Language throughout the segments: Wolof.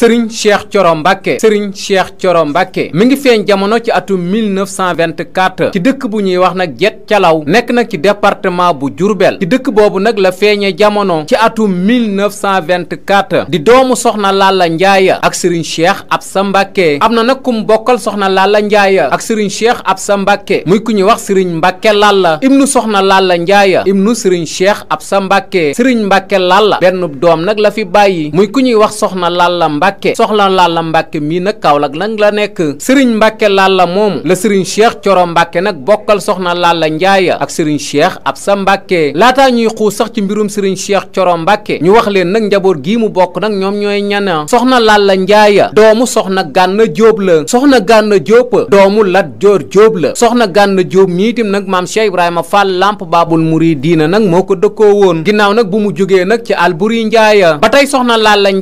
sëriñ cheikh coro mbàkke sëriñ cheikh coro mbàkke mi ngi feeñ jamono ci atum 1924 ci dëkk bu ñuy wax nag jet calaw nekk nag ci département bu jurbel ci dëkk boobu nag la feeñee jamono ci atum 1924 di doomu soxna Lalla Njaaya ak sëriñ cheikh sa Mbàkke am na nag kum mu bokkal soxna Lalla Njaaya ak sëriñ cheikh sa Mbàkke muy ku ñuy wax sëriñ mbàkke Lalla ibnu soxna Lalla Njaaya ibnu sëriñ cheikh Absa Mbàkke sëriñ mbàkke Lalla benn doom nag la fi bàyyi muy ku Mbàkke soxla Lalla Mbàkke mii nag Kaolack nag la nekk sëriñ Mbàkke Lalla moomu la sëriñ Cheikh Coro Mbàkke nag bokkal soxna Lalla Njaaya ak sëriñ Cheikh sa Mbàkke laataa ñuy xuus sax ci mbirum sëriñ Cheikh Coro Mbàkke ñu wax leen nag njaboot gii mu bokk nag ñoom ñooy ñan ñana soxna Lalla Njaaya doomu soxna Gànna Jóob la soxna Gànna Jóob doomu Lat Joor Jóob soxna Gànna Jóob mii nag maam Cheikh Ibrahima Fall Lamp Baabul diina nag moo ko dëkkoo woon ginnaaw nag bu mu jógee nag ci àll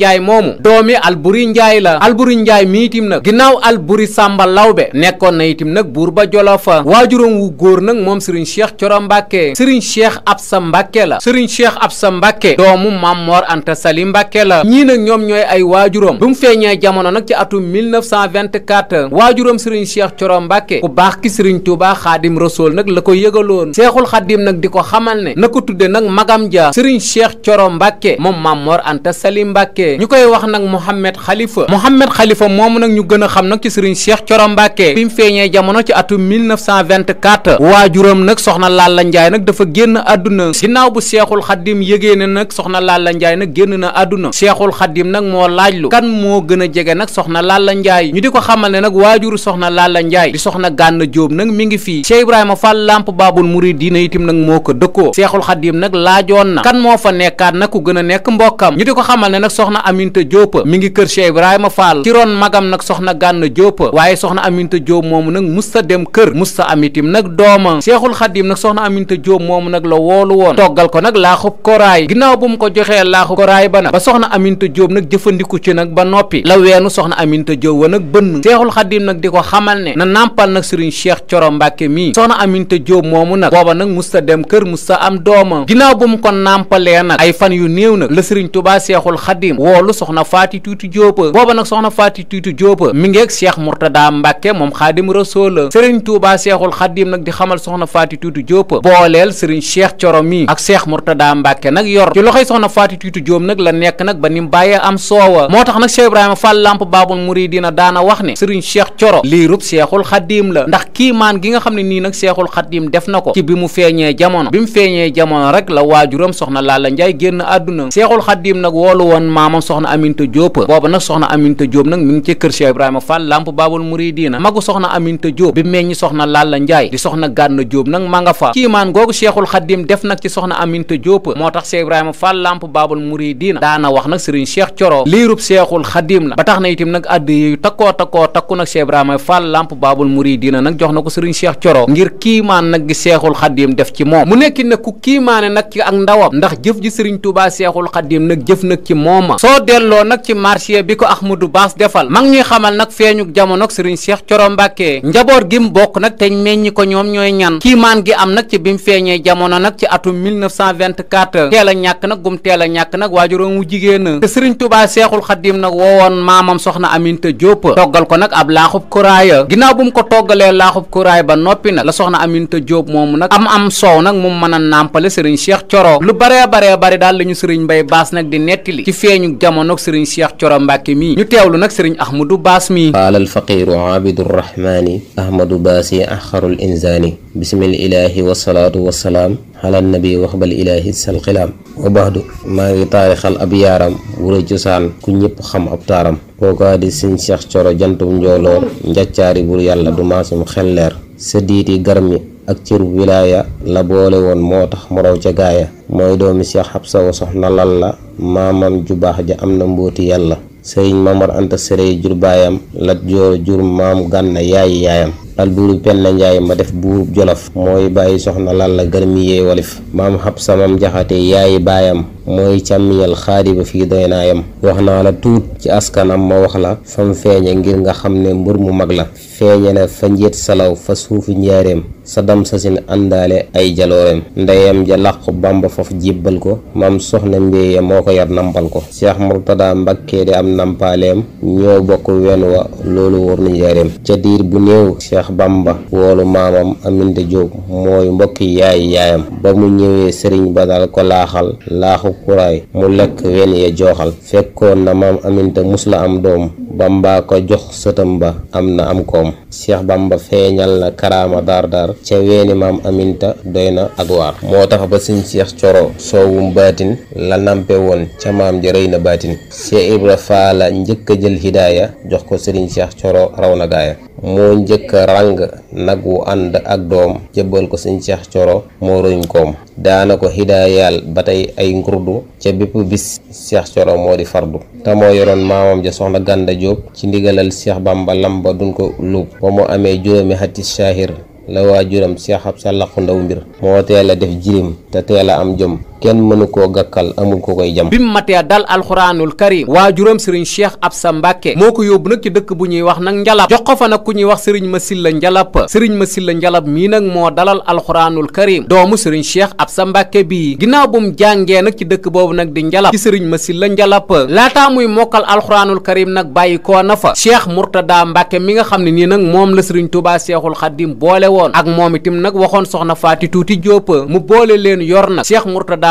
Njaaya ba Alburi Njaay la Alburi Njaay mi itim nag ginnaaw Alburi Sàmba Lawbe nekkoon na itim nag buur ba Jolofa waajuram wu góor nag moom Serigne Cheikh Coro Mbàkke Serigne Cheikh sa Mbàkke la Serigne Cheikh sa Mbàkke doomu Maam Mor Anta Sali Mbàkke la ñii nag ñoom ñooy ay waajuram bu mu feeñee jamono nag ci atum 1924 waajuram Serigne Cheikh Coro Mbàkke ku baax ki Serigne Touba Xaadim Rasool nag la ko yëgaloon Seexul Xaadim nag di ko xamal ne na ko tudde nag magam ja Serigne Cheikh Mohamed Khalifa Mohamed Khalifa moomu nag ñu gën a xam nag ci sëriñ Cheikh Thioro Mbacke bi mu feeñee jamono ci atum 1924 waajuram nag soxna Lalla Ndiaye nag dafa génn àdduna ginnaaw bu Cheikhul Khadim yëgee ne nag soxna Lalla Ndiaye na àdduna Cheikhul Khadim nag moo laajlu kan moo a jege nag soxna Lalla Ndiaye ñu di ko xamal ne nag waajuru soxna Lalla Ndiaye di soxna Gànn Jóob nag mi ngi fii Cheikh Ibrahima Fall Lamp Baabul Muridiina itam nag moo ko dëkkoo Cheikhul Khadim nag laajoon na kan moo fa nekkaat nag ku gën a nekk mbokkam ñu di ko xamal ne nag soxna ci kër Cheikh Ibrahima Fall ci ron magam nag soxna Gànna Jóob waaye soxna Aminta Jóob moomu nag mus ta dem kër mus ta amitim nag la ko nag laaxub koraay ko joxee laaxub koraay ba nag ba soxna Aminta Jóob nag jëfandiku ci nag ba noppi la weenu soxna Aminta Jóob wa nag bënn Cheikhul Xadim nag di ko xamal ne na nàmpal nag Sëriñ Cheikh Coro Mbàkke mii soxna Aminta Jóob moomu nag booba nag mus ta dem kër mus ta am dooma ginnaaw bu mu ko nàmpalee nag ay fan yu néew nag la Sëriñ Tubaa Cheikhul Xadim woolu soxna Faati Tuuti Tuuti Diop booba nag soxna Faati Tuuti Diop mi ngi ak Cheikh Mourtada Mbacke moom Xaadim Rasool Serigne Touba Cheikhul Xaadim nag di xamal soxna Faati Tuuti Diop booleel Serigne Cheikh Coro mi ak Cheikh Mourtada Mbacke nag yor ci loxoy soxna Faati Tuuti Diop nag la nekk nag ba ni mu bàyyee am soowa moo tax nag Cheikh Ibrahima Fall Lamp Baabul Muridina daana wax ne Serigne Cheikh Coro lii rub Cheikhul Xaadim la ndax kii maan gi nga xam ne nii nag Cheikhul Xaadim def na ko ci bi mu feeñee jamono bi mu feeñee jamono rek la waajuram soxna Lalla Njaay génn àdduna Cheikhul Xaadim nag woolu woon maamam soxna Aminta Diop booba nag soxna Aminta Diop nag mi ngi ci kër Cheikh Ibrahima Fall lamp baabul muridiina magu soxna Aminta Diop bi meññi soxna Lalla Njaay di soxna Gànna Diop nag ma nga fa kiimaan googu Cheikhul Xadim def nag ci soxna Aminta Diop moo tax Cheikh Ibrahima Fall lamp baabul muridiina daana wax nag Serigne Cheikh Coro liirub Cheikhul Xadim la ba tax na itam nag àdd yu takkoo takkoo takku nag Cheikh Ibrahima Fall lamp baabul muridiina nag jox na ko Serigne Cheikh Coro ngir kiimaan nag gi Cheikhul Xadim def ci moom mu nekki nag ku kiimaane nag ki ak ndawam ndax jëf ji Serigne Touba Cheikhul Xadim nag jëf nag ci mooma xaasiya bi ko Ahmadou Bass defal mag ñuy xamal nag feeñuk jamono sëriñ Cheikh Coro Mbàkke njaboot gi mu bokk nag meññi ko ñoom ñooy ñan kiimaan gi am nag ci bi mu feeñee jamono nag ci atum 1924 teel a ñàkk nag gum teel a ñàkk nag waajuroom wu jigéen te sëriñ Tuubaa Seexul Xaddiim nag woowoon maamam soxna Aminta Jóob toggal ko nag ab laaxub kuraaya ginnaaw bu mu ko toggalee laaxub kuraay ba noppi nag la soxna Aminta Jóob moomu nag am am soow nag moom mën a nàmpale sëriñ Cheikh Coro lu baree baree bari daal la ñu sëriñ Mbay Baas nag di nettali ci feeñu jamono sëriñ Cheikh Coro Mbàkke mii ñu teewlu nag sëriñ Ahmadu Baas mii qaala alfaqiru abidurrahmani ahmadu baasi axarul insaani bismil ilaahi wasalaatu wasalaam ala nabi waxbal ilaahi sal xilaam wa baxdu maa ngi taarixal ab yaaram wura cosaan ku ñëpp xam ab taaram kookaa di siñ seex coro jantum njooloo njaccaari bur yàlla du maasum xelleer sa diiti garmi ak cër wilaaya la boole woon moo tax mu raw ca gaaya mooy doomi Cheikh Xabsa wa soxna lal la maamam ju baax ja am na mbóoti yàlla sëriñ Mamar Anta Sëre jur baayam Lat Joor jur maam Gànna yaay yaayam al buurub penn njaay ma def buurub jolof mooy bàyyi soxna lalla garmi yee walif maam xab samam jaxate yaayi baayam mooy càmmiñal xaadiba fii doy naayam wax naa la tuut ci askanam ma wax la fam feeñe ngir nga xam ne mbur mu mag la feeñe na fa njiit salaw fa suufu njaareem sa dam sa sin àndaale ay jalooreem ndeyam ja làqu bàmba foofu jibbal ko maam soxna mbéye moo ko yar nampal ko cheikh murtada mbakkee di am nampaaleem ñoo bokk wenn wa loolu wóor na Cheikh ba woolu maamam Aminta Jóob mooy mbokki yaay yaayam ba mu ñëwee sëriñ ba dal ko laaxal laaxu kuraay mu lekk wen ya jooxal fekkoon na maam Aminta mus la am doom Bamba ko jox sëtam ba am na am koom Cheikh ba feeñal na karaama daar daar ca weeni maam Aminta doy na ak waar moo tax ba sëñ Cheikh Coro soowum baatin la nampe ca maam ja rëy na baatin Cheikh Ibra Faala njëkk jël hidaaya jox ko sëriñ Cheikh Coro raw na gaaya moo njëkk a ràng nag wu ànd ak doom jébbal ko sëñ Cheikh Coro moo roñ koom daana ko hidaayaal ba tey ay ngurdu ca bépp bis Cheikh Coro moo di fardu te moo yoroon maamam ja soxna Gànda Jóob ci ndigalal Cheikh bambalam ba duñ ko luub ba mu amee juróomi xatti shaahir la waa waajuram Cheikh Absa laqu ndaw mbir moo teel a def jirim te teel a am jom kenn mënu koo gàkkal amul ko koy jam bi mu matee dal alxuraanul karim waajuram sëriñ cheikh absa mbàkke moo ko yóbbu nag ci dëkk bu ñuy wax nag njalab jox ko fa nag ku ñuy wax sëriñ ma silla njalab sëriñ ma silla njalab mii nag moo dalal alxuraanul karim doomu sëriñ cheikh absa mbàkke bii ginnaaw bu mu jàngee nag ci dëkk boobu nag di njalab sëriñ ma silla njalab laataa muy mokkal alxuraanul karim nag bàyyi koo na fa cheikh murtada mbàkke mi nga xam ne nii nag moom la sëriñ tubaa seexul xaddim boole woon ak moom itam nag waxoon soxna faati tuuti jóopa mu boole leen yor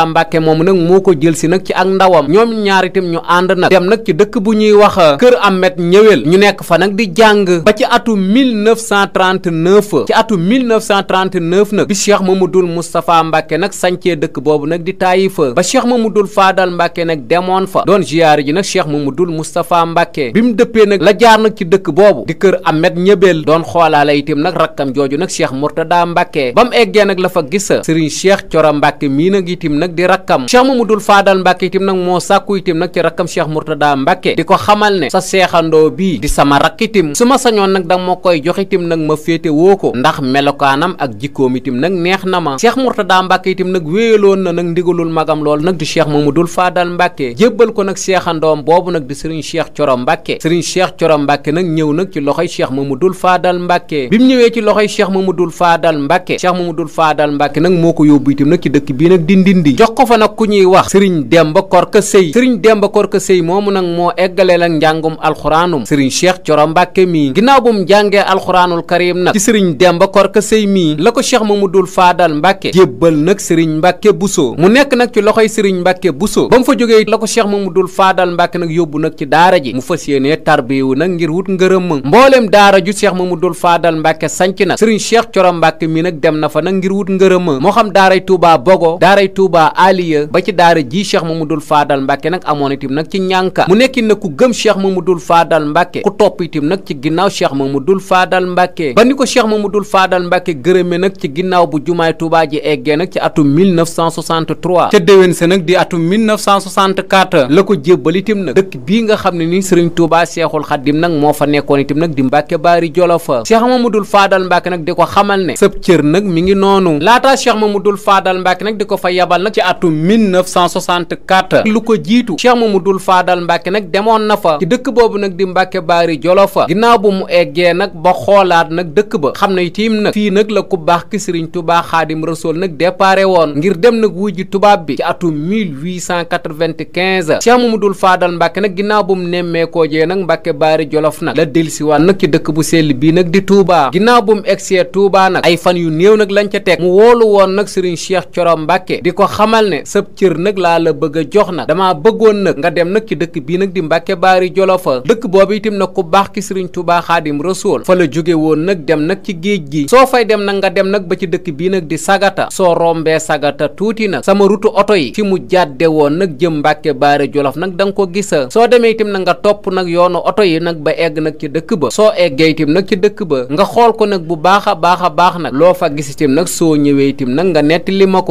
Moustapha Mbacke moomu nag moo ko jël si nag ci ak ndawam ñoom ñaar ñu ànd nag dem nag ci dëkk bu ñuy wax Kër Ahmed ñëwel ñu nekk fa nag di jàng ba ci atu 1939 ci atu 1939 nag bi Cheikh Mamadou Moustapha Mbacke nag sancee dëkk boobu nag di Taïfa ba Cheikh Mamadou Fadal Mbacke nag demoon fa doon ziyaare ji nag Cheikh Mamadou Moustapha Mbacke bi mu dëppee nag la jaar nag ci dëkk boobu di Kër Ahmed ñëbel doon xoolaale itam nag rakkam jooju nag Cheikh Mourtada Mbacke ba mu eggee nag la fa gis Serigne Cheikh Thioro Mbacke mii nag itam di rakkam mu dul faadal mbàkke itam nag moo sàkku itam nag ci rakkam cheikh murtada mbàkke di ko xamal ne sa seexandoo bii di sama rakk itam sañoon nag danga ma koy jox itam nag ma féete woo ko ndax melokaanam ak jikkoom itam nag neex na ma cheikh murtada mbàkke itam nag wéyaloon na nag ndigalul magam lool nag di cheikh mamadul faadal mbàkke jébbal ko nag seexandoom boobu nag di sëriñ cheikh coro mbàkke sëriñ cheikh coro mbàkke nag ñëw nag ci loxoy cheikh mamadul faadal mbàkke bi mu ñëwee ci loxoy cheikh mamadul faadal mbàkke cheikh mamadul faadal mbàkke nag moo ko yóbbu itam nag ci dëkk bii nag di ndindi jox ko fa nag ku ñuy wax sëriñ Demba Korka Sëy sëriñ Demba Korka Sëy moomu nag moo eggaleel ak njàngum alxuraanum sëriñ Cheikh Coro Mbàkke mii ginnaaw bu mu jàngee alxuraanul karim nag ci sëriñ Demba Korka Sëy mii la ko Cheikh Mamadul Faadal Mbàkke jébbal nag sëriñ Mbàkke Buso mu nekk nag ci loxoy sëriñ Mbàkke Buso ba mu fa jógee la ko Cheikh Mamadul Faadal Mbàkke nag yóbbu nag ci daara ji mu fas yéenee tarbiyu nag ngir wut ngërëm mbooleem daara ju Cheikh Mamadul Faadal Mbàkke sanc nag sëriñ Cheikh Coro Mbàkke mii nag dem na fa nag ngir wut ngërëm moo xam daaray Tuubaa Bogo daaray Tuubaa Touba Aliya ba ci daara ji Cheikh Mamadul Faadal Mbàkke nag amoon itam nag ci ñànka mu nekkin nag ku gëm Cheikh Mamadul Faadal Mbàkke ku topp itam nag ci ginnaaw Cheikh Mamadul Faadal Mbàkke ni ko Cheikh Mamadul Faadal Mbàkke gërëme nag ci ginnaaw bu jumaay Touba ji nag ci atum ca déwén sa nag di atum la ko jébbal nag dëkk bii nga xam ne ni Sëriñ Touba Seexul Xaddim nag moo fa nekkoon itam nag di Mbàkke Baari Jolofa Cheikh Mamadul Faadal Mbàkke nag di ko xamal ne sëb nag mi ngi ci atum 1964 lu ko jiitu Cheikh dul faadal Mbacke nag demoon na fa ci dëkk boobu nag di Mbacke Baari Jolofa ginnaaw bu mu eggee nag ba xoolaat nag dëkk ba xam na itim nag fii nag la ku baax ki Sëriñ Tuubaa Xaadim Rasuul nag déparé woon ngir dem nag wujji tubaab bi ci atum 1895 Cheikh dul faadal Mbacke nag ginnaaw bu mu nemmeekoo jee nag Mbacke Baari Jolof nag la dellusiwaat nag ci dëkk bu sell bii nag di Touba ginnaaw bu mu egsee Touba nag ay fan yu néew nag lañ ca teg mu woolu woon nag Sëriñ xamal ne sëb cër nag laa la bëgg jox nag damaa bëggoon nag nga dem nag ci dëkk bii nag di Mbàkke Baari Jolofa dëkk boobu itam nag ku baax ki Sëriñ Tuubaa Xaadim Rasuul fa la jóge woon nag dem nag ci géej gi soo fay dem nag nga dem nag ba ci dëkk bii nag di Sagata soo rombee Sagata tuuti nag sama rutu oto yi fi mu jàdde woon nag jëm Mbàkke Baari Jolof nag da nga ko gisa soo demee itam nag nga topp nag yoonu oto yi nag ba egg nag ci dëkk ba soo eggee itam nag ci dëkk ba nga xool ko nag bu baax a baax a baax nag loo fa gis itam nag soo ñëwee itam nag nga nettali ma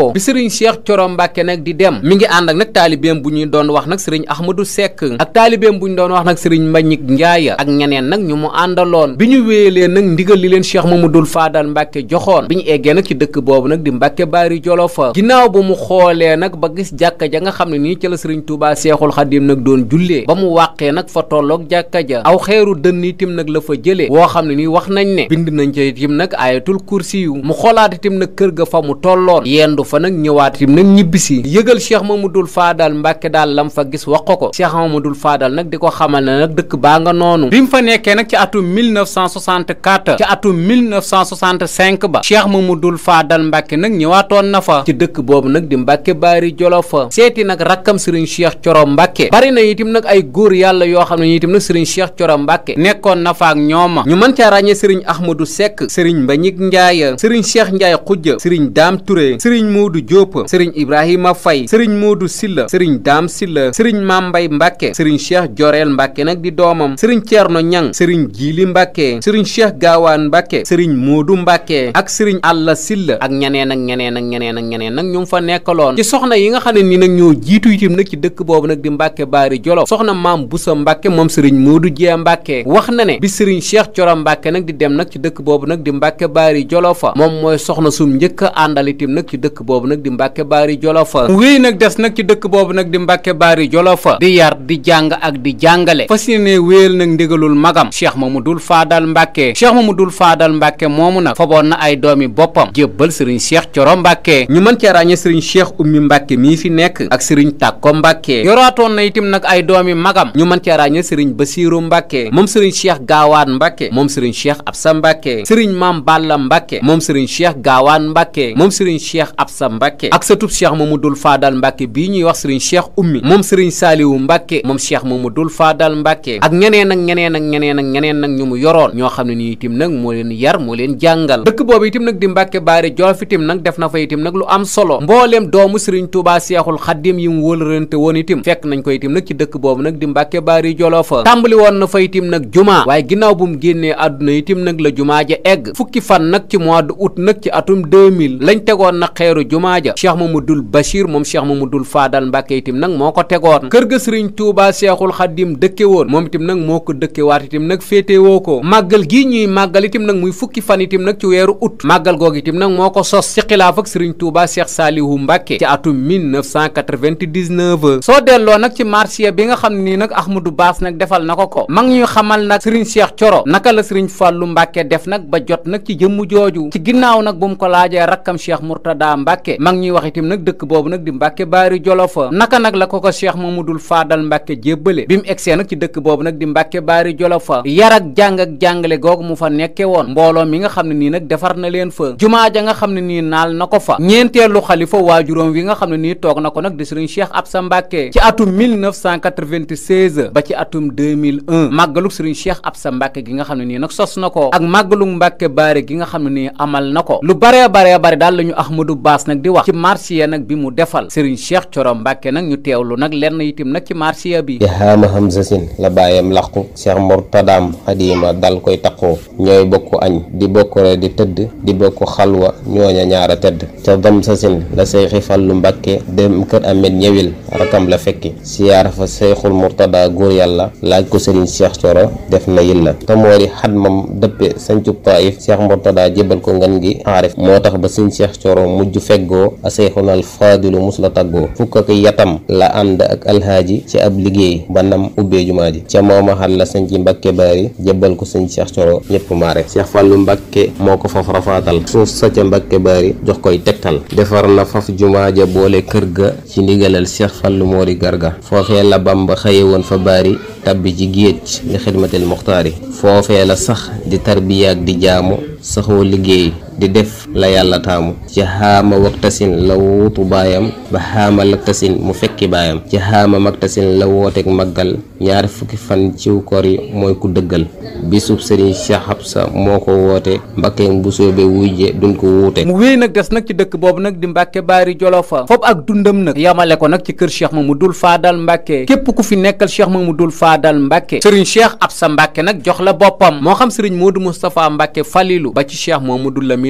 Yoro Mbàkke nag di dem mi ngi ànd ak nag taalibeem bu ñuy doon wax nag sëriñ Ahmadou Seck ak taalibeem bu ñu doon wax nag sëriñ Mbagnick Ndiaye ak ñeneen nag ñu mu àndaloon bi ñu wéelee nag ndigal li leen ma Cheikh dul Fadal Mbàkke joxoon bi ñu eggee nag ci dëkk boobu nag di Mbàkke Baari jolo Jolofa ginnaaw ba mu xoolee nag ba gis jàkka ja nga xam ne nii ca la sëriñ Touba Seexul Xadim nag doon jullee ba mu wàqee nag fa tolloog jàkka ja aw xeeru dënn itam nag la fa jëlee woo xam ne nii wax nañ ne bind nañ ca nag ayatul kursi yu mu xoolaat itam nag kër ga fa mu tolloon yendu fa dem ñibbisi yëgal cheikh mamadul faadal mbàkke daal lam fa gis wax ko ko mu dul faadal nag di ko xamal ne nag dëkk baa nga noonu bi mu fa nekkee nag ci atum 1964 ci atum 1965 ba cheikh mamadul faadal mbàkke nag ñëwaatoon na fa ci dëkk boobu nag di mbàkke baari jolo seeti nag rakkam sëriñ cheikh coro mbàkke bari na itam nag ay góor yàlla yoo xam ne ñu itam nag sëriñ cheikh coro mbàkke nekkoon na fa ak ñooma ñu mën caa ràññee sëriñ ahmadou sekk sëriñ mbañik njaaya sëriñ cheikh njaay xujja sëriñ daam ture sëriñ muudu jóopa Ibrahima Faye sëriñ Modou Silla sëriñ Daam Silla sëriñ Mambay Mbàkke sëriñ Cheikh Joreel Mbàkke nag di doomam sëriñ Ceerno Ñang sëriñ Jiili Mbàkke sëriñ Cheikh Gaawaan Mbàkke sëriñ Modou Mbàkke ak sëriñ Alla Silla ak ñeneen ak ñeneen ak ñeneen ak ñeneen nag ñoo ngi fa nekkaloon ci soxna yi nga xam ne ni nag ñoo jiitu itam nag ci dëkk boobu nag di Mbàkke Baari Jolof soxna Maam Busa Mbàkke moom sëriñ Modou Jee Mbàkke wax na ne bi sëriñ Cheikh Coro Mbàkke nag di dem nag ci dëkk boobu nag di Mbàkke Baari Jolof fa moom mooy soxna sum njëkk a àndal ci dëkk boobu nag di Mbàkke Baari baari jolofa mu wéy nag des nag ci dëkk boobu nag di mbàkke baari jolofa di yar di jàng ak di jàngale fas yéene wéyal nag ndigalul magam ma mu dul faadal mbàkke cheikh mamadul faadal mbàkke moomu nag faboon na ay doom yi boppam jébbal sëriñ cheikh coro mbàkke ñu mën cee ràññee sëriñ cheikh ummi mbàkke mii fi nekk ak sëriñ tàkko mbàkke yoraatoon na itam nag ay doom doomi magam ñu mën cee ràññee sëriñ basiiru mbàkke moom sëriñ cheikh gaawaan mbàkke moom sëriñ cheikh absa mbàkke sëriñ maam balla mbàkke moom sëriñ cheikh gaawaan mbàkke moom sa tub cheikh mamadul faadal mbàkke bii ñuy wax sëriñ cheikh ummi moom sëriñ saaliwu mbàkke moom cheikh mamadul faadal mbàkke ak ñeneen ak ñeneen ak ñeneen ak ñeneen nag ñu mu yoroon ñoo xam ne nii itam nag moo leen yar moo leen jàngal dëkk boobu itam nag di mbàkke baari joof itam nag def na fa itam nag lu am solo mbooleem doomu sëriñ tuubaa seexul xaddim yi mu wóolërante woon itam fekk nañ ko itam nag ci dëkk boobu nag di mbàkke baari jolo Mouhamadoul Bachir moom Cheikh Mouhamadoul Fadal Mbacke itam nag moo ko tegoon kër ga Serigne Touba Cheikhul Khadim dëkke woon moom itam nag moo ko dëkkewaat itam nag féetewoo ko màggal gii ñuy màggal itam nag muy fukki fan itam nag ci weeru août màggal googu itam nag moo ko sos ci xilaaf ak Serigne Touba Cheikh Salihu Mbacke ci atum soo delloo nag ci marsiya bi nga xam ne nii nag Ahmadou Bass nag defal na ko ko mag ñuy xamal nag Serigne Cheikh Thioro naka la Serigne Fallou Mbacke def nag ba jot nag ci jëmm jooju ci ginnaaw nag bu mu ko laajee rakkam Cheikh Mourtada Mbacke mag ñuy nag dëkk boobu nag di mbàkke baari jolofa naka nag la ko ko cheikh mamadul faadal mbàkke jébbale bi mu egsee ci dëkk boobu nag di mbàkke baari jolofa yar ak jàng ak jàngale googu mu fa nekke woon mbooloo mi nga xam ne nii nag defar na leen fa jumaa ja nga xam ne nii naal na ko fa ñeenteelu xalifa waajuróom wi nga xam ne nii toog na ko nag di sëriñ cheikh absa mbàkke ci atum 1996 ba ci atum 2001 màggalug sëriñ cheikh absa mbàkke gi nga xam ne nii nag sos na ko ak màggalug mbàkke baari gi nga xam ne nii amal na ko lu bare bare bare daal marsiya nag bi mu defal sëriñ cheikh coro mbàkke nag ñu teewlu nag lenn itim nag ci marsiya bi ihaama hamza sin la bàyyam laqu cheikh murtadaam xadima dal koy taqoo ñooy bokku añ di bokk re di tëdd di bokk wa ñooña ñaara tëdd ca dam sa sin la seyxi fallu mbàkke dem kër amet ñëwil la fekki siyaara fa seyxul murtada yàlla laaj ko sëriñ cheikh coro def na yilla te moo di xat dëppe sañcub taif cheikh murtada jébal ko ngan gi moo tax ba sëriñ cheikh coro mujj feggoo a seyxuna na alfaadilu mus la tàggoo fukk ak yatam la ànd ak alxaaji ci ab liggéey ba nam ubbee jumaa ji ca moo maxal la sëñ ci mbàkke baari jébbal ko sëñ Cheikh Coro ñëpp maare Cheikh Fàllu Mbàkke moo ko faf rafaatal suuf sa ca mbàkke baari jox koy tegtal defar na faf jumaa ja boole kër ga ci ndigalal Cheikh Fàllu Moori Garga foofee la Bamba xëye woon fa baari tabbi ci géej li xidmatil muxtaari foofee la sax di tarbiya ak di jaamu saxoo liggéey di def la yàlla taamu ci xaama waktasin la wuutu baayam ba xaama laktasin mu fekki baayam ci xaama maktasin la wooteeg màggal ñaar fukki fan ciw kor yi mooy ku dëggal bisub sëriñ Cheikh sa moo ko woote mbakkeem bu soobee wujje duñ ko wuute mu wéy nag des nag ci dëkk boobu nag di mbakke baari jolofa foofu ak dundam nag yamale ko nag ci kër ma Cheikh Mamadul Faadal Mbàkke képp ku fi nekkal Cheikh Mamadul Faadal Mbàkke sëriñ Cheikh Absa Mbàkke nag jox la boppam moo sëriñ Moodu Moustapha Mbàkke Falilu ba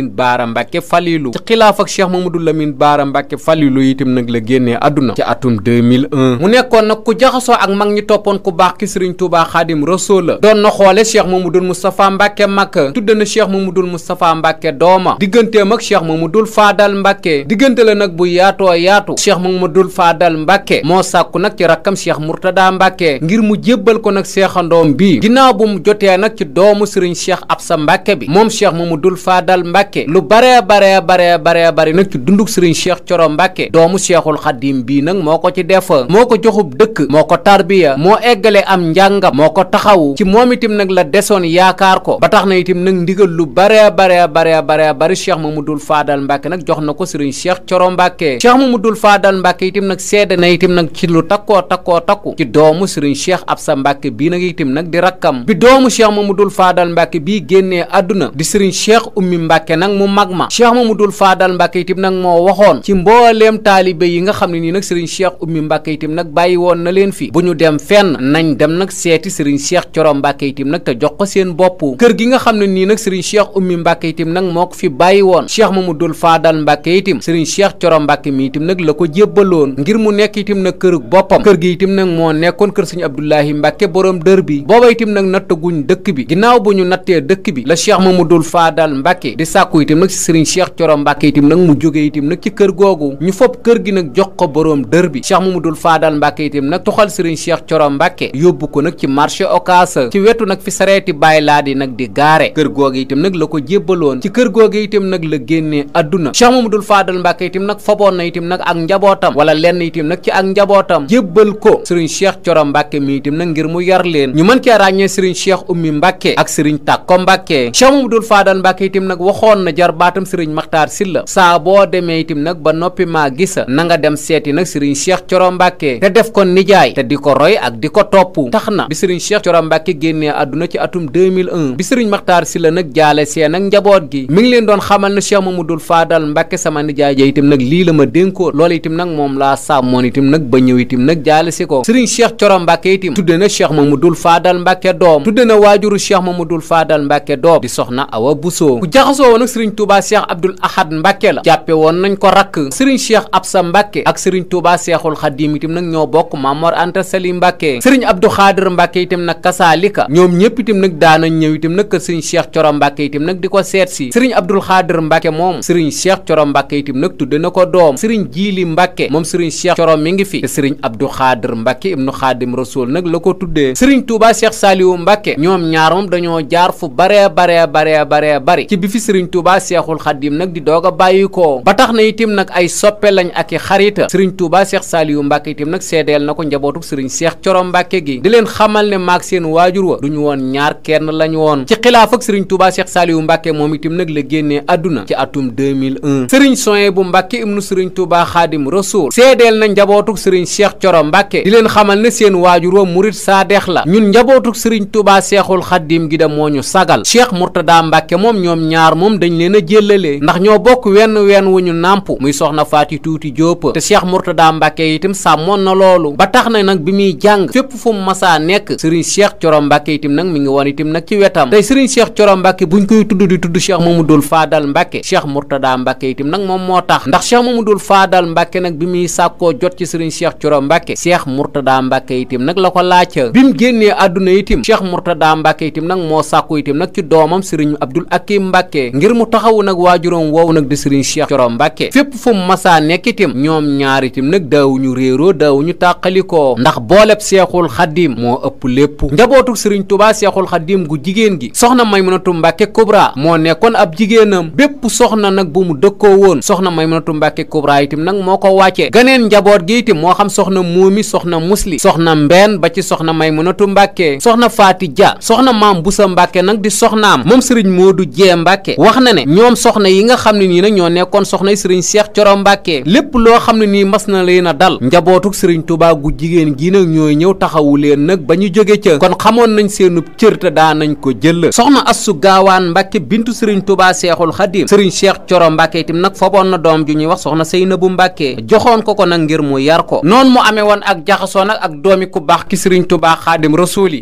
Lamine Baara Mbacke Falilou ci xilaaf ak Cheikh Mamadou Lamine Baara Mbacke Falilou itam nag la génnee àdduna ci atum 2001 mu nekkoon nag ku jaxasoo ak mag ñi toppoon ku baax ki Serigne Touba Xaadim Rasuul la doon na xoole Cheikh Mamadou Moustapha Mbacke Makka tudde na Cheikh Mamadou Moustapha Mbacke dooma digganteem ak Cheikh Mamadou Fadal Mbacke diggante la nag bu yaatoo yaatu Cheikh Mamadou Fadal Mbacke moo sàkku nag ci rakkam Cheikh Mourtada Mbacke ngir mu jébbal ko nag seexandoom bii ginnaaw bu mu jotee nag ci doomu Serigne Cheikh Absa Mbacke bi moom Cheikh Mamadou Fadal Mbacke Mbàkke lu bare bare bare bare bare nag ci dunduk sëriñ Cheikh Thioro Mbàkke doomu Cheikhul Xadim bii nag moo ko ci def moo ko joxub dëkk moo ko tarbiya moo eggale am njàngam moo ko taxawu ci moom itam nag la desoon yaakaar ko ba tax na itam nag ndigal lu bare bare bare bare ma mu dul Fadal Mbàkke nag jox na ko sëriñ Cheikh Thioro Mbàkke Cheikh Mamadou Fadal Mbàkke itam nag seede na itam nag ci lu takkoo takkoo takku ci doomu sëriñ Cheikh Absa Mbàkke bii bi doomu Mbàkke nag mu mag ma Cheikh dul Faadal Mbàkke itam nag moo waxoon ci mbooleem taalibe yi nga xam ne nii nag sëriñ Cheikh Oumy Mbàkke itam nag bàyyi woon na leen fi bu ñu dem fenn nañ dem nag seeti sëriñ Cheikh Coro Mbàkke itam nag te jox ko seen bopp kër gi nga xam ne nii nag sëriñ Cheikh Oumy Mbàkke itam nag moo ko fi bàyyi woon ma mu dul Faadal Mbàkke itam sëriñ Cheikh Coro Mbàkke mi itam nag la ko jébbaloon ngir mu nekk itam nag kër boppam kër gi itam nag moo nekkoon kër sëriñ Abdoulahi Mbàkke borom dër bi booba itam nag nattaguñ dëkk bi ginnaaw ñu nattee dëkk bi la Cheikh Mamadul Faadal sàkku itam nag si sëriñ Cheikh Thioro Mbacke itam nag mu ñu fob kër gi nag jox ko boroom dër bi Cheikh Mamadou Fadal Mbacke itam nag toxal sëriñ Cheikh Thioro Mbacke yóbbu ko nag ci marché Ocass ci wetu nag fi sareeti bàyyi laa di nag di gaare kër googu itam nag la ko jébbaloon ci kër googu itam nag la génnee adduna Cheikh Mamadou Fadal Mbacke itam nag foboon na itam nag ak njabootam wala lenn itam nag ci ak njabootam jébbal ko sëriñ Cheikh Thioro Mbacke mi itam nag ngir mu yar leen ñu mën cee ràññee sëriñ Cheikh Oumy Mbacke ak sëriñ Takko Mbacke Cheikh Mamadou Fadal Mbacke itam nag waxoon waxoon na jar baatam sëriñ maxtaar silla saa boo demee itam nag ba noppi maa gisa na nga dem seeti nag sëriñ cheikh coro mbàkke te def ko nijaay te di ko roy ak di ko topp tax na bi sëriñ cheikh coro mbàkke génnee àdduna ci atum 2001 bi sëriñ maxtaar silla nag jaale seen ak njaboot gi mi ngi leen doon xamal ma mu dul faadal mbàkke sama nijaay ja itam nag lii la ma dénkoon loolu itam nag moom laa sàmmoon itam nag ba ñëw itam nag jaale si ko sëriñ cheikh coro mbàkke itam tudde na cheikh mamadul faadal mbàkke doom tudde na waajuru cheikh mamadul faadal mbàkke doom di soxna awa busoo yoonu sëriñ Touba Cheikh Abdoul Ahad Mbacke la jàppe woon nañ ko rakk sëriñ Cheikh Absa Mbacke ak sëriñ Touba Cheikhul Khadim itam nag ñoo bokk Mamor Anta Sali Mbacke sëriñ Abdou Khadir Mbacke itam nag kasaalika ñoom ñëpp itam nag daanañ ñëw itam nag kër sëriñ Cheikh Coro Mbacke itam nag di ko seet si sëriñ Abdoul Khadir Mbacke moom sëriñ Cheikh Coro Mbacke itam nag tudde na ko doom sëriñ Jiili Mbacke moom sëriñ Cheikh Coro mi ngi fi te sëriñ Abdou Khadir Mbacke ibnu Khadim Rasoul nag la ko tuddee sëriñ Touba Cheikh Saliou Mbacke ñoom ñaar moom dañoo jaar fu bare bare bare bare bari ci bi fi sëriñ Touba Seexul Xaddim nag di doog a bàyyi ko ba tax na itim nag ay soppe lañ ak i xarita sëriñ Touba Seex Saaliyu Mbàkke itim nag seedeel na ko njabootuk sëriñ Seex Coro Mbàkke gi di leen xamal ne maag seen waajur wa duñu woon ñaar kenn lañ woon ci xilaaf ak sëriñ Touba Seex Saaliyu Mbàkke moom itim nag la génnee àdduna ci atum 2001 sëriñ Soye bu Mbàkke ibnu sëriñ Touba Xaadim Rasuul seedeel na njabootuk sëriñ Seex Coro Mbàkke di leen ne seen waajur wa murit saadeex la ñun njabootuk sëriñ Touba Seexul Xaddim gi da moo ñu sagal Cheikh Murtada Mbàkke moom ñoom ñaar moom dañ leen a jéllalee ndax ñoo bokk wenn wenn wu ñu nàmp muy soxna faati tuuti jóopa te cheikh murtada mbàkke itam sàmmoon na loolu ba tax na nag bi muy jàng fépp fu mu masaa nekk sëriñ cheikh coro mbàkke itam nag mi ngi woon itam nag ci wetam tey sëriñ cheikh coro mbàkke buñ koy tudd di tudd cheikh mamadul faadal mbàkke cheikh murtada mbàkke itam nag moom moo tax ndax mu dul faadal mbàkke nag bi muy sàkkoo jot ci sëriñ cheikh coro mbàkke cheikh murtada mbàkke itam nag la ko laajca bi mu génnee àdduna itam cheikh murtada mbàkke itam nag moo sàkku itam nag ci doomam sëriñ abdul akim mbàkke ngir ngir mu taxawu nag waajuróom woowu nag di sëriñ Cheikh Coro Mbàkke fépp fu mu masaa nekk itam ñoom ñaar itam nag daawuñu réeroo daawuñu ko ndax booleb Seexul Xaddiim moo ëpp lépp njabootu sëriñ Tuubaa Seexul Xaddiim gu jigéen gi soxna may Maymunatu Mbàkke Kubra moo nekkoon ab jigéenam bépp soxna nag bu mu dëkkoo woon soxna Maymunatu Mbàkke Kubra itam nag moo ko wàcce ganeen njaboot gi itam moo xam soxna Moomi soxna Musli soxna Mbeen ba ci soxna Maymunatu Mbàkke soxna Faati soxna Maam Busa nag na ne ñoom soxna yi nga xam ne nii nag ñoo nekkoon soxna yi sëriñ Cheikh Thioro Mbacke lépp loo xam ne nii mas na leen a dal njabootuk sëriñ Touba gu jigéen gi nag ñooy ñëw taxawu leen nag ba ñu jóge ca kon xamoon nañ seenub cër te daa nañ ko jël soxna Assu Gaawaan Mbacke bintu sëriñ tubaa Seexul Xadim sëriñ Cheikh Thioro Mbacke itam nag foboon na doom ju ñuy wax soxna Seynabu Mbacke joxoon ko ko nag ngir mu yar ko noonu mu amee woon ak jaxasoo nag ak doomi ku baax ki sëriñ Touba Xaadim Rasuul yi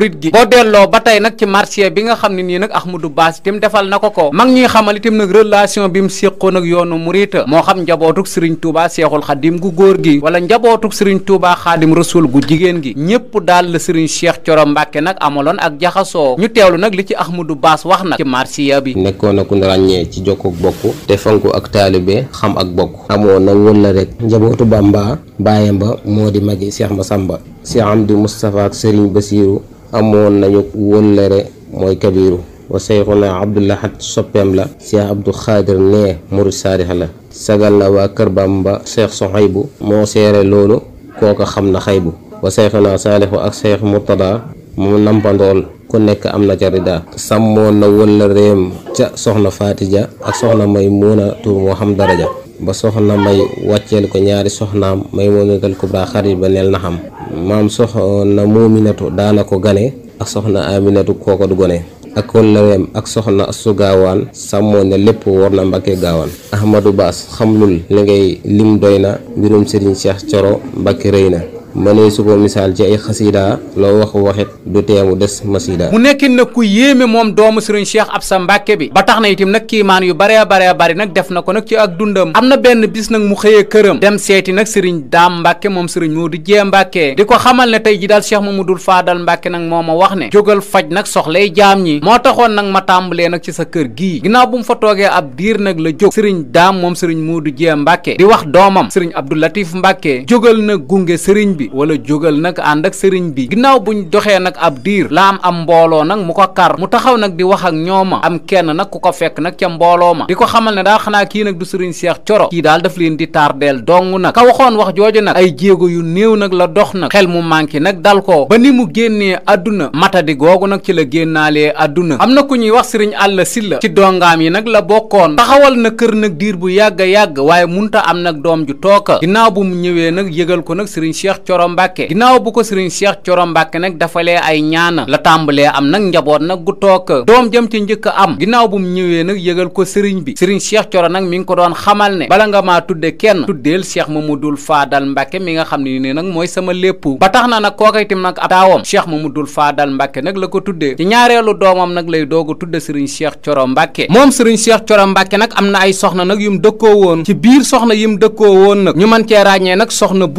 murit gi boo delloo ba tey nag ci marché bi nga xam ne nii nag Ahmadou baas itam defal na ko ko mag ñuy xamal itam nag relation bi mu séqoon ak yoonu murita moo xam njabootug Serigne Touba Seexul Xadim gu góor gi wala njabootug Serigne Touba Xaadim Rasul gu jigéen gi ñépp daal la Serigne Cheikh Coro Mbàkke nag amaloon ak jaxasoo ñu teewlu nag li ci Ahmadou baas wax nag ci marsiya bi nekkoon na ràññee ci jokkook bokk te fonk ak taalibe xam ak bokk amoon na wëlla rek njabootu Bamba baayam ba moo di magi Cheikh Massamba Cheikh Amdi Moustapha ak Serigne Bassirou amoon nañu wóllëre mooy kabiru wa seyxuna abdulahat soppeem la cheikh abdou xaadir nee murid saadix la sagal na waa kër Bamba cheikh soxaybu moo seere loolu kooka xam na xaybu wa na saalixu ak cheikh murtada mu nampandool ku nekk am na ca rida sàmmoon na wëllëreem ca soxna faatija ak soxna may muuna tur moo xam daraja ba soxna mbay wàcceel ko ñaari soxnaam Maymunatul Kubra xarit ba neel na xam maam soxna muuminatu daana ko gane ak soxna aminatu kooko du gone ak kóllëreem ak soxna asu gaawaan sàmmoon na lépp war na mbakke gaawaan ahmadou baas xamlul li ngay lim doy na mbirum sëriñ Cheikh Coro mbakke rëy na mënee su ko misaal ci ay xasidaa loo wax waxit du teemu des masida mu nekkin na ku yéeme moom doomu sëriñ Cheikh sa Mbàkke bi ba tax na itam nag kiimaan yu baree baree bari nag def na ko nag ci ak dundam am na benn bis nag mu xëyee këram dem seeti nag sëriñ Daam Mbàkke moom sëriñ Moodu Jee Mbàkke di ko xamal ne tey ji daal Cheikh Mamadul Faadal Mbàkke nag moo ma wax ne jógal faj nag soxlay jaam ñi moo taxoon nag ma tàmbalee nag ci sa kër gii ginnaaw bu mu fa toogee ab diir nag la jóg Daam moom sëriñ Moodu Jee Mbàkke di wax doomam sëriñ Abdou Latif Mbàkke na gunge sëriñ bi wala jógal nag ànd ak sëriñ bi ginnaaw bu buñ doxee nag ab diir laam am mbooloo nag mu ko kar mu taxaw nag di wax ak ñooma am kenn nag ku ko fekk nag ca mbooloo ma di ko xamal ne daal xanaa kii nag du sëriñ Cheikh Thioro kii daal daf leen di tardeel dong nag ka waxoon wax jooju nag ay jéego yu néew nag la dox nag xel mu manqué nag dal ko ba ni mu génnee àdduna matadi googu nag ci la génnaale àdduna am na ku ñuy wax sëriñ Alla Silla ci dongaam yi nag la bokkoon taxawal na kër nag diir bu yàgg yàgg mu ñëwee nag yëgal ko nag Coro Mbàkke ginnaaw bu ko sëriñ Cheikh Coro Mbàkke nag dafalee ay ñaana la tàmbalee am nag njaboot nag gu toog doom jëm ci njëkk am ginnaaw bu mu ñëwee nag yëgal ko sëriñ bi sëriñ Cheikh Coro nag mi ngi ko doon xamal ne bala nga maa tudde kenn tuddeel mu dul Faadal Mbàkke mi nga xam ne ni nag mooy sama lépp ba tax na nag kooka itam nag ab taawam mu dul Faadal Mbàkke nag la ko tuddee ci ñaareelu doomam nag lay doog a tudde sëriñ Cheikh Coro Mbàkke moom sëriñ Cheikh Coro Mbàkke nag am na ay soxna nag yu dëkkoo woon ci biir soxna yi mu dëkkoo woon nag ñu mën cee ràññee nag soxna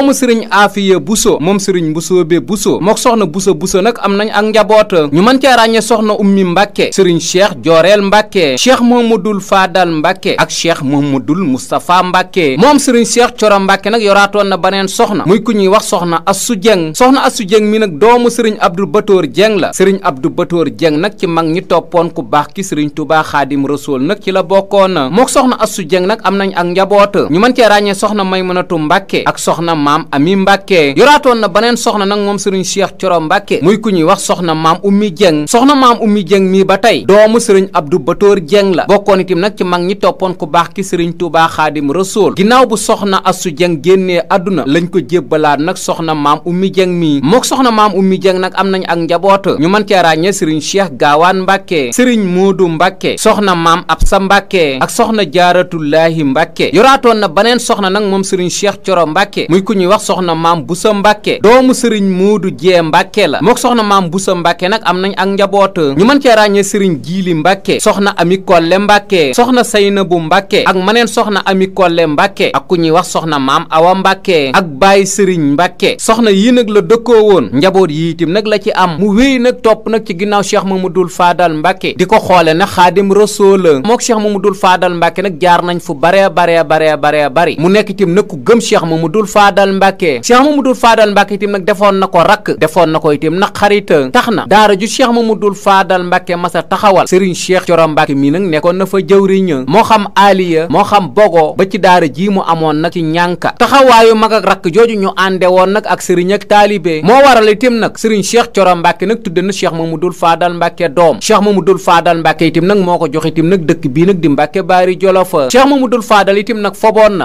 doomu sëriñ Afiya Buso moom sëriñ Mbusoobe Buso mook soxna Buso Buso nag am nañ ak njaboot ñu mën cee ràññee soxna Ummi Mbàkke sëriñ Cheikh Jooreel Mbàkke Cheikh Mamadul Faadal Mbàkke ak Cheikh Mamadul Moustapha Mbàkke moom sëriñ Cheikh Coro Mbàkke nag yoraatoon na baneen soxna muy ku ñuy wax soxna Assu Jeng soxna Assu Jeng mi nag doomu sëriñ Abdou Batoor Jeng la sëriñ Abdou Batoor Jeng nag ci mag ñi toppoon ku baax ki sëriñ Tuubaa Xaadim Rasuul nag ci la bokkoon mook soxna Assu Jeng nag am nañ ak njaboot ñu mën cee ràññee soxna Maymunatu Mbàkke ak soxna maam ami mbàkke yoraatoon na baneen soxna nag moom sëriñ cheikh coro mbàkke muy ku ñuy wax soxna maam ummi jeng soxna maam ummi jeng mii ba tey doomu sëriñ abdu batóor jeng la bokkoon itam nag ci mag ñi toppoon ku baax ki sëriñ tuubaa xaadim rasuul ginnaaw bu soxna assu jeng génnee aduna lañ ko jébbalaat nag soxna maam ummi jeng mii mook soxna maam ummi jeng nag am nañ ak njaboot ñu man cee ràññee sëriñ cheikh gaawaan mbàkke sëriñ moodu mbàkke soxna maam absa mbàkke ak soxna jaaratullaahi na baneen soxna nag moom sëriñ cheikh coro ñuy wax soxna maam Busa Mbàkke doomu sëriñ Moodu Jee Mbàkke la mook soxna maam Busa Mbàkke nag am nañ ak njaboot ñu mën cee ràññee sëriñ Jiili Mbàkke soxna Ami Kolle Mbàkke soxna Saynabu Mbàkke ak maneen soxna Ami Kolle Mbàkke ak ku ñuy wax soxna maam Awa Mbàkke ak baay sëriñ Mbàkke soxna yii nag la dëkkoo woon njaboot yi itam nag la ci am mu wéy nag topp nag ci ginnaaw Cheikh Mamadul Faadal Mbàkke di ko xoole na Xaadim Rasuul la mook Cheikh Mamadul Faadal Mbàkke nag jaar nañ fu bare bare bare bare bari mu nekk itam nag ku gëm Cheikh Mamadul Faadal Faadal Mbàkke Cheikh Mamadou Faadal Mbàkke itam nag defoon na ko rakk defoon na ko itam nag xarita tax na daara ju Cheikh Mamadou Faadal Mbàkke masa taxawal Serigne Cheikh Coro Mbàkke mi nag nekkoon na fa jëwriñ moo xam aaliya moo xam bogo ba ci daara ji mu amoon nag ci ñànka taxawaayu mag ak rakk jooju ñu ànde woon nag ak Serigne ak taalibe moo waral itam nag Serigne Cheikh Coro Mbàkke nag tudde na Cheikh Mamadou Faadal Mbàkke doom Cheikh Mamadou Faadal Mbàkke itam nag moo ko jox Faadal itam na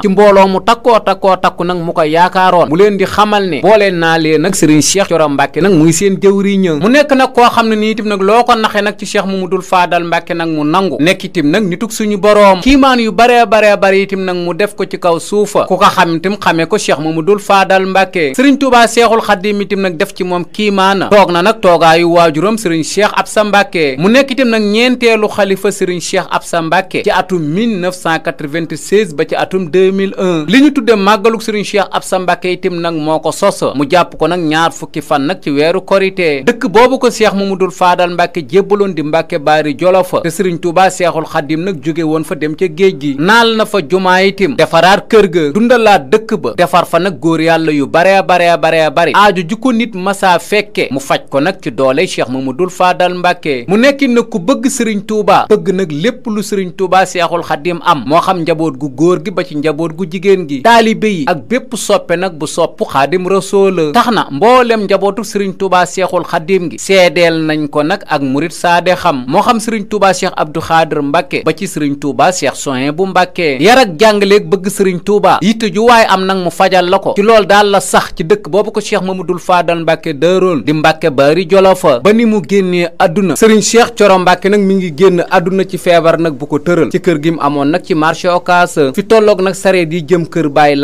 ci mbooloo mu takkoo takkoo takku nag mu ko yaak yaakaaroon mu leen di xamal ne booleen naa leen nag sëriñ Cheikh Thioro Mbacke nag muy seen jëwriñ mu nekk nag koo xam ne nii itam nag loo ko naxe nag ci Cheikh Mamadou Fadal Mbacke nag mu nangu nekk itam nag nitug suñu boroom kiimaan yu baree bare itam nag mu def ko ci kaw suufa ku ko xam itam xamee ko Cheikh Mamadou Fadal Mbacke sëriñ Touba Cheikhul Khadim itam nag def ci moom kiimaana toog na nag toogaayu waajuram sëriñ Cheikh Absa Mbacke mu nekk itam nag ñeenteelu xalifa sëriñ Cheikh Absa Mbacke ci atum 1996 ba ci atum 2001 li ñu tudde màggaluk sëriñ Cheikh Absa Mbàkke itam nag moo ko sos mu jàpp ko nag ñaar fukki fan nag ci weeru korite dëkk boobu ko seex dul Faadal Mbàkke jébbaloon di Mbàkke Baari Jolof te Sëriñ Tuubaa Seexul Xadim nag jóge woon fa dem ca géej gi naal na fa jumaa itam defaraat kër ga dundalaat dëkk ba defar fa nag góor yàlla yu bare bare bare bare aaju ju ko nit masaa fekke mu faj ko nag ci doole seex dul Faadal Mbàkke mu nekki nag ku bëgg Sëriñ Tuubaa bëgg nag lépp lu Sëriñ Tuubaa Seexul Xadim am moo xam njaboot gu góor gi ci njaboot gu jigéen gi soppe nag bu sopp xaadim rasool la tax na mboolem njabootu sëriñ tubaa seexul xadim gi seedeel nañ ko nag ak murit saade xam moo xam sëriñ tubaa cheikh abdou xaadir mbàkke ba ci sëriñ tubaa cheikh sohin bu mbàkke yar ak jàngaleeg bëgg sëriñ tubaa yitte ju waaye am nag mu fajal la ko ci lool daal la sax ci dëkk boobu ko ma mu dul faadal mbàkke dëroon di mbàkke bari jolofa ba ni mu génnee àdduna sëriñ cheikh coro mbàkke nag mu ngi génn àdduna ci feebar nag bu ko tëral ci kër gi mu amoon nag ci marché occas fi tolloog nag sareet yi jëm kër bàyyi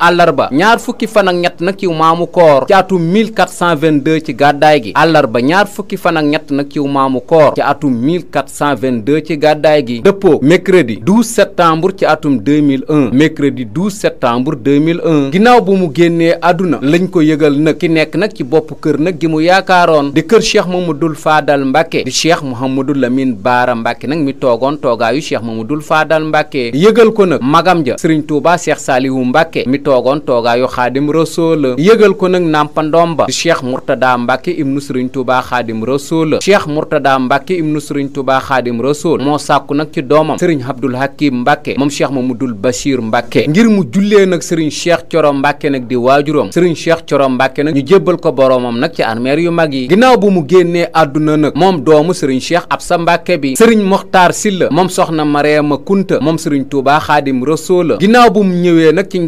àllarba ñaar fukki fan ak ñett nag ci maamu koor ci atum 1422 ci gàddaay gi àllarba ñaar fukki fan ak ñett nag ci maamu koor ci atum 1422 ci gàddaay gi dëppoo mercredi 12 septembre ci atum 2001 mercredi 12 septembre 2001 ginnaaw bu mu génnee àdduna lañ ko yëgal nag ki nekk nag ci bopp kër nag gi mu yaakaaroon di kër cheikh mamadul faadal mbàkke di cheikh mouhamadou lamin baara mbàkke nag mi toogoon toogaayu cheikh mamadul faadal mbàkke yëgal ko nag magam ja sëriñ touba cheikh saalihu mbàkke mi toogoon toogaayu xaadim rasool yëgal ko nag nàmpandoom ba di cheikh murtada mbàkke ibnu sëriñ tubaa xaadim rasool cheikh murtada mbàkke ibnu sëriñ tubaa xaadim rasool moo sàkku nag ci doomam sëriñ abdul hakim mbàkke moom cheikh mamadul bachir mbàkke ngir mu jullee nag sëriñ cheikh coro mbàkke nag di waajuram sëriñ cheikh coro mbàkke nag ñu jébbal ko boroomam nag ci armeer yu mag yi ginnaaw bu mu génnee àdduna nag moom doomu sëriñ cheikh absa mbàkke bi sëriñ moxtaar silla moom soxna mariama kunta moom sëriñ tubaa xaadim rasool ginnaaw bu mu ñëwee nag ci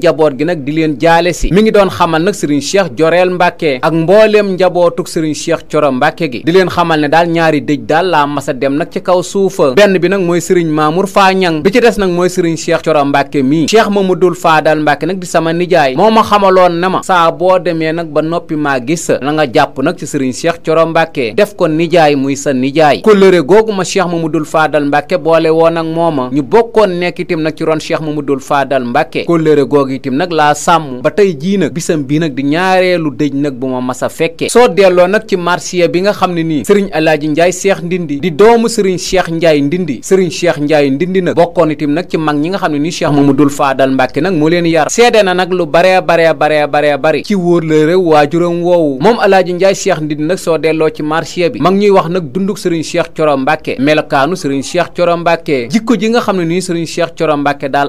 nag di leen jaale si mi ngi doon xamal nag sëriñ cheikh joreel mbàkke ak mbooleem njabootug sëriñ cheikh coro mbàkke gi di leen xamal ne daal ñaari dëj daal laa masa dem nag ci kaw suufa benn bi nag mooy sëriñ maamur faa ñang bi ci des nag mooy sëriñ cheikh coro mbàkke mii mu dul faadal mbàkke nag di sama nijaay moo ma xamaloon ne ma saa boo demee nag ba noppi maa gis la nga jàpp nag ci sëriñ cheikh coro mbàkke def ko nijaay muy sa nijaay kóllëre googu ma cheikh mamadul faadal mbàkke boole woon ak mooma ñu bokkoon nekk itam nag ci ron cheikh mamadul faadal mbàkke laa sàmm ba tey jii nag bisam bi nag di ñaareelu dëj nag bu ma mas a fekkee soo delloo nag ci marsiya bi nga xam ne nii sëriñ alaaji njaay seex ndindi di doomu sëriñ cheikh njaay ndindi sëriñ cheikh njaay ndindi nag bokkoon itam nag ci mag ñi nga xam ne nii cheikh mamadul faadal mbàkke nag moo leen yar seede na nag lu baree baree baree baree bari ci wóor la réew waajuram woowu moom alaaji njaay seex ndindi nag soo delloo ci marsiya bi mag ñuy wax nag dunduk sëriñ cheikh coro mbàkke melokaanu sëriñ cheikh coro mbàkke jikko ji nga xam ne nii sëriñ cheikh coro mbàkke daal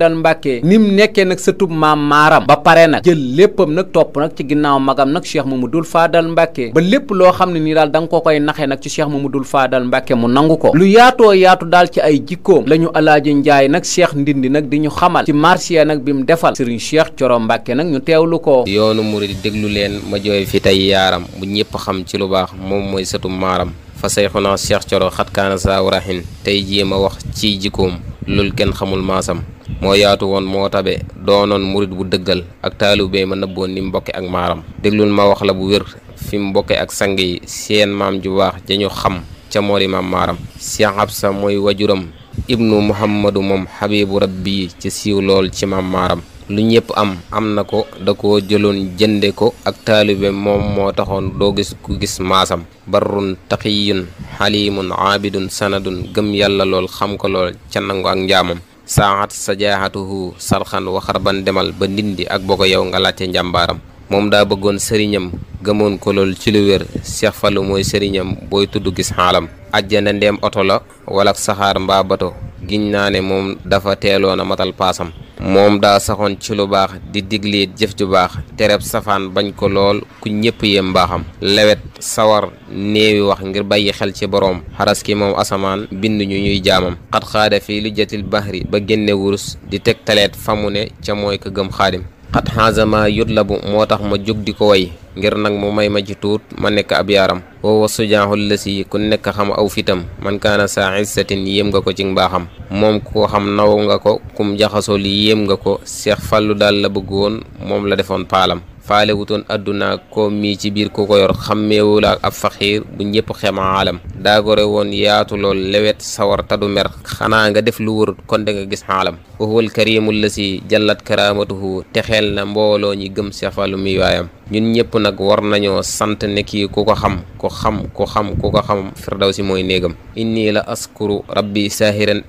Fadal Mbàkke ni mu nekkee nag sëtub maam maaram ba pare nag jël léppam nag topp nag ci ginnaaw magam nag mu mu dul faadal Mbàkke ba lépp loo xam ne nii daal da ko koy naxe nag ci mu mu dul faadal Mbàkke mu nangu ko lu yaatoo yaatu daal ci ay jikkoom lañu ñu alaaji njaay nag Cheikh Ndindi nag di ñu xamal ci marché nag bi mu defal Serigne Cheikh Coro Mbàkke nag ñu teewlu ko yoonu murid déglu leen ma jooy fi tey yaaram bu ñëpp xam ci lu baax moom mooy sëtub maaram fa seyxunaa Cheikh Coro xatkaana saawrahin tey jéem a wax ci jikkoom lul kenn xamul maasam moo yaatu woon moo tabe doonoon murit bu dëggal ak taalubee ma nëbboon ni mbokke ak maaram déglul ma wax la bu wér fi mbokke ak sang yi seen maam ju baax dañu xam ca moori maam maaram Cheikh Absa mooy wajuram ibnu Muhammadu moom xabibu rabbi yi ci siiw lool ci maam maaram lu ñëpp am am na ko da ko jëloon jënde ko ak taalibe moom moo taxoon doo gis ku gis maasam barrun taqiyun xalimun aabidun sanadun gëm yàlla lool xam ko lool ca nangu ak njaamam saaxat sajaaxatuhu sarxan waxar ban demal ba ndindi ak boo ko yow nga laajte njàmbaaram moom daa bëggoon sëriñam gëmoon ko lool ci lu wér Cheikh Fallou mooy sëriñam booy tudd gis xaalam ajjana ndeem oto la wala saxaar mbaa bato giñ naa ne moom dafa teeloon a matal moom daa saxoon ci lu baax di digle jëf ju baax tereb safaan bañ ko lool ku ñëpp yem mbaaxam lewet sawar néewi wax ngir bàyyi xel ci boroom xaras ki moom asamaan bind ñu ñuy jaamam xat xaada fi lu baax bahri ba génne wurus di teg taleet fa mu ne ca mooy ko gëm xaadim xat la yutlabu moo tax ma jóg di ko way ngir nag mu may ma ci tuut ma nekk ab yaaram woowa sujaaxul la si ku nekk xam aw fitam man kaana saa issatin yéem nga ko ci mbaaxam moom ku ko xam naw nga ko kum jaxasoo li yéem nga ko seex fàllu daal la bëgg woon moom la defoon paalam faale wutoon àdduna ko mii ci biir ku ko yor xàmmeewul ak ab faxiir bu ñëpp xema alam daagore woon yaatu lool lewet sawar tadu mer xanaa nga def lu wër kon da nga gis xaalam waxuwal karimul la si jallat karaamatuhu texeel na mbooloo ñi gëm safalu mi waayam ñun ñëpp nag war nañoo sant ne kii ku ko xam ku xam ku xam ku ko xam firdawsi mooy néegam inni la askuru rabbi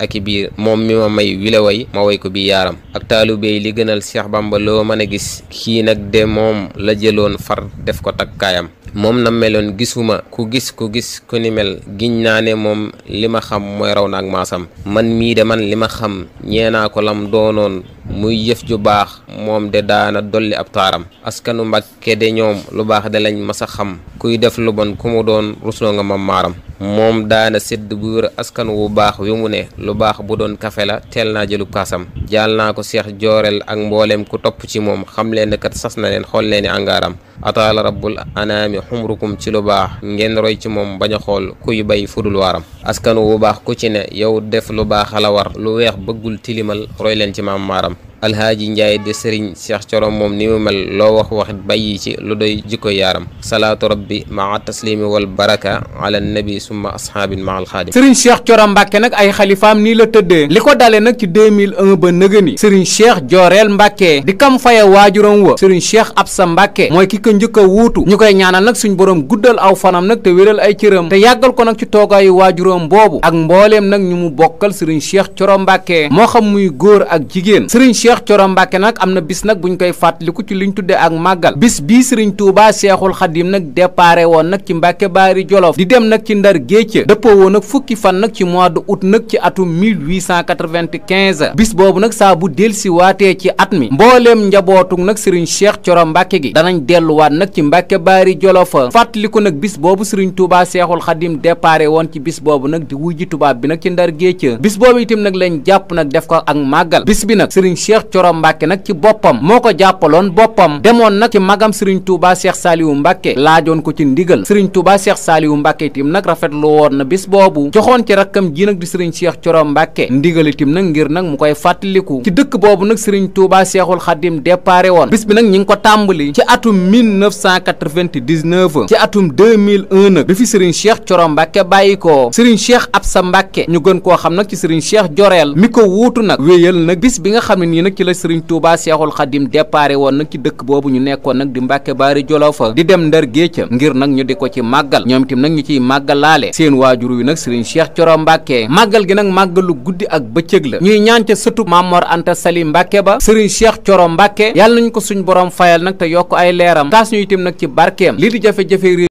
ak i biir moom mi ma may wile way ma way ko bi yaaram ak taalubéy li gënal Cheikh Bamba loo mën a gis kii nag de moom la jëloon far def ko takkaayam moom na meloon gisuma ku gis ku gis ku ni mel giñ naa ne moom li ma xam mooy raw naag maasam man mii de man li ma xam ñee naa ko lam doonoon muy jëf ju baax moom de daana dolli ab taaram askanu mbàkke de ñoom lu baax de lañ mas a xam kuy def lu bon ku mu doon rusloo nga mam maaram moom daana sedd bu wér askan wu baax wi mu ne lu baax bu doon kafe la teel naa jëlu kaasam jaal naa ko seex jooreel ak mboolem ku topp ci moom xam leen ne kat sas na leen xool leen ni angaaram ataala rabbul anaami xumrukum ci lu baax ngeen roy ci moom bañ a xool kuy bay fudul waaram askan wu baax ku ci ne yow def lu baax la war lu weex bëggul tilimal roy leen ci maam maaram alhaaji njaay de sëriñ cheikh coro moom ni mu mel loo wax wax bàyyi ci lu doy jikko yaaram salaatu rabbi maa taslimi wal baraka ala nabi summa ashaabin maa alxaadim sëriñ cheikh coro mbàkke nag ay xalifaam nii la tëddee li ko dale nag ci 2001 ba nëgëni sëriñ cheikh jooreel mbàkke di kam faye waajuram wa sëriñ cheikh sa mbàkke mooy ki ko njëkk wuutu ñu koy ñaanal nag suñu boroom guddal aw fanam nag te wéral ay cëram te yàggal ko nag ci toogaayu waajuram boobu ak mbooleem nag ñu mu bokkal sëriñ cheikh coro mbàkke moo xam muy góor ak jigéen sëriñ cheikh Cheikh Thioro Mbacke nag am na bis nag buñ koy fàttaliku ci liñ tuddee ak màggal bis bii Serigne Touba Cheikhoul Khadim nag déparé woon nag ci Mbacke Baari Jolof di dem nag ci Ndar Géej dëppoo woon nag fukki fan nag ci mois de août nag ci atum 1895 bis boobu nag saa bu delsi waatee ci at mi mbooleem njabootug nag Serigne Cheikh coro Mbacke gi danañ delluwaat nag ci Mbacke Baari Jolof fàttaliku nag bis boobu Serigne Touba Cheikhoul Khadim déparé woon ci bis boobu nag di wujji tubaab bi nag ci Ndar Géej bis boobu itam nag lañ jàpp nag def ko ak màggal bis bi nag Serigne Cheikh Cheikh Coro Mbàkke nag ci boppam moo ko jàppaloon boppam demoon nag ci magam Serigne Touba Cheikh Saliou Mbàkke laajoon ko ci ndigal Serigne Touba seex Saliou Mbàkke itam nag rafet rafetlu woon na bis boobu joxoon ci rakkam ji nag di Serigne Cheikh Coro Mbàkke ndigal itam nag ngir nag mu koy fàttaliku ci dëkk boobu nag Serigne Touba Cheikhul Khadim déparé woon bis bi nag ñi ngi ko tàmbali ci atum 1999 ci atum 2001 nag bi fi Serigne Cheikh Coro Mbàkke bàyyi ko Serigne Cheikh Absa Mbàkke ñu gën koo xam nag ci Serigne Cheikh Joreel mi ko wuutu nag nag bis bi nga xam ne nag ci la sëriñ Touba Seexul Xadim déparé woon nag ci dëkk boobu ñu nekkoon nag di Mbàkke Baari Jolofa di dem Ndar Géeca ngir nag ñu di ko ci màggal ñoom itam nag ñu ciy màggalaale seen waajur wi nag sëriñ Cheikh Coro Mbàkke màggal gi nag màggalu guddi ak bëccëg la ñuy ñaan ca sëtu Mamor Anta Sali Mbàkke ba sëriñ Cheikh Coro Mbàkke yàlla nañu ko suñ borom fayal nag te yokk ay leeram taas ñu itam nag ci barkeem lii di jafe-jafe